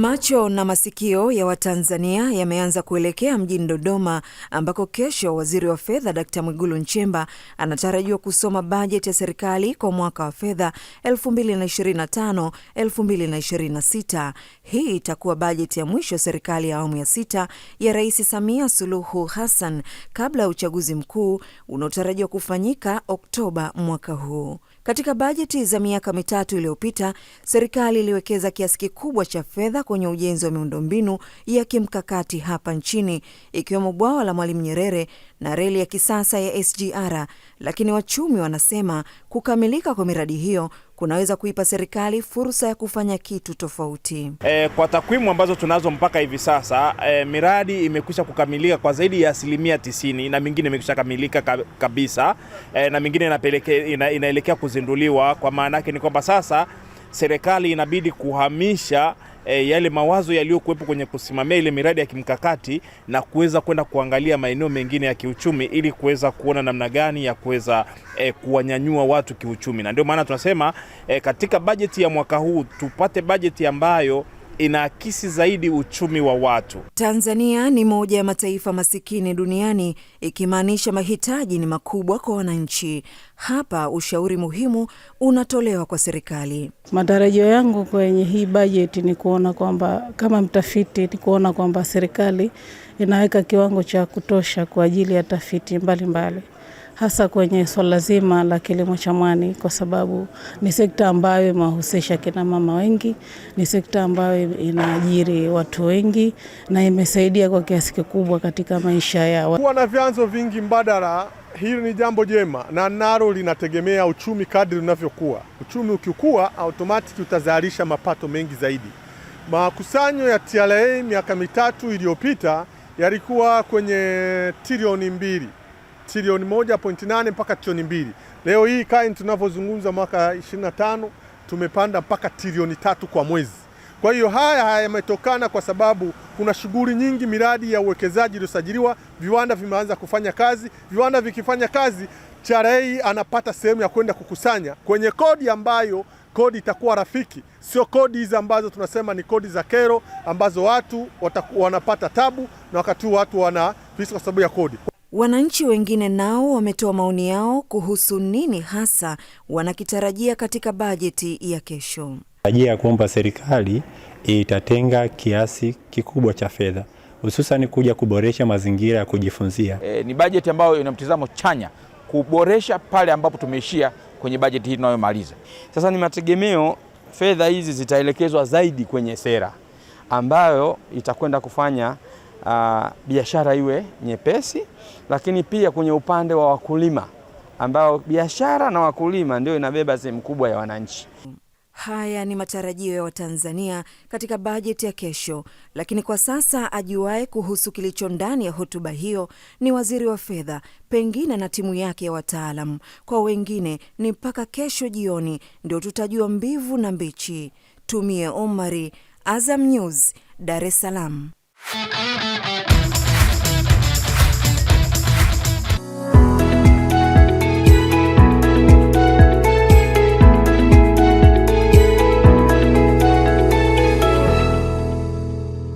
Macho na masikio ya Watanzania yameanza kuelekea mjini Dodoma ambako kesho Waziri wa Fedha Dkt. Mwigulu Nchemba anatarajiwa kusoma bajeti ya serikali kwa mwaka wa fedha 2025 2026. Hii itakuwa bajeti ya mwisho ya serikali ya awamu ya sita ya Rais Samia Suluhu Hassan kabla ya uchaguzi mkuu unaotarajiwa kufanyika Oktoba mwaka huu. Katika bajeti za miaka mitatu iliyopita, serikali iliwekeza kiasi kikubwa cha fedha kwenye ujenzi wa miundombinu ya kimkakati hapa nchini, ikiwemo bwawa la Mwalimu Nyerere na reli ya kisasa ya SGR, lakini wachumi wanasema kukamilika kwa miradi hiyo kunaweza kuipa serikali fursa ya kufanya kitu tofauti. E, kwa takwimu ambazo tunazo mpaka hivi sasa e, miradi imekwisha kukamilika kwa zaidi ya asilimia tisini na mingine imekwisha kamilika kabisa e, na mingine ina, inaelekea kuzinduliwa. Kwa maana yake ni kwamba sasa serikali inabidi kuhamisha e, yale mawazo yaliyokuwepo kwenye kusimamia ile miradi ya kimkakati na kuweza kwenda kuangalia maeneo mengine ya kiuchumi ili kuweza kuona namna gani ya kuweza e, kuwanyanyua watu kiuchumi, na ndio maana tunasema e, katika bajeti ya mwaka huu tupate bajeti ambayo inaakisi zaidi uchumi wa watu. Tanzania ni moja ya mataifa masikini duniani, ikimaanisha mahitaji ni makubwa kwa wananchi. Hapa ushauri muhimu unatolewa kwa serikali. Matarajio yangu kwenye hii bajeti ni kuona kwamba, kama mtafiti, ni kuona kwamba serikali inaweka kiwango cha kutosha kwa ajili ya tafiti mbalimbali mbali hasa kwenye swala zima la kilimo cha mwani, kwa sababu ni sekta ambayo imewahusisha kina mama wengi, ni sekta ambayo inaajiri watu wengi na imesaidia kwa kiasi kikubwa katika maisha yao. Kuwa na vyanzo vingi mbadala, hili ni jambo jema na nalo linategemea uchumi kadri unavyokuwa. Uchumi ukikua, automatiki utazalisha mapato mengi zaidi. Makusanyo ya TRA miaka mitatu iliyopita yalikuwa kwenye trilioni mbili trilioni 1.8 mpaka trilioni mbili. Leo hii kain tunavyozungumza mwaka 25 tumepanda mpaka trilioni tatu kwa mwezi. Kwa hiyo haya yametokana kwa sababu kuna shughuli nyingi, miradi ya uwekezaji iliyosajiliwa, viwanda vimeanza kufanya kazi. Viwanda vikifanya kazi, TRA anapata sehemu ya kwenda kukusanya kwenye kodi ambayo kodi itakuwa rafiki, sio kodi hizi ambazo tunasema ni kodi za kero ambazo watu wataku, wanapata tabu na wakati watu wana kwa sababu ya kodi. Wananchi wengine nao wametoa maoni yao kuhusu nini hasa wanakitarajia katika bajeti ya kesho. Tarajia ya kwamba serikali itatenga kiasi kikubwa cha fedha hususan kuja kuboresha mazingira ya kujifunzia. E, ni bajeti ambayo ina mtizamo chanya kuboresha pale ambapo tumeishia kwenye bajeti hii tunayomaliza sasa. Ni mategemeo fedha hizi zitaelekezwa zaidi kwenye sera ambayo itakwenda kufanya uh, biashara iwe nyepesi, lakini pia kwenye upande wa wakulima ambao biashara na wakulima ndio inabeba sehemu kubwa ya wananchi. Haya ni matarajio ya Watanzania katika bajeti ya kesho, lakini kwa sasa ajuaye kuhusu kilicho ndani ya hotuba hiyo ni waziri wa fedha, pengine na timu yake ya wataalam. Kwa wengine ni mpaka kesho jioni ndio tutajua mbivu na mbichi. Tumie Omari, Azam News, Dar es Salaam.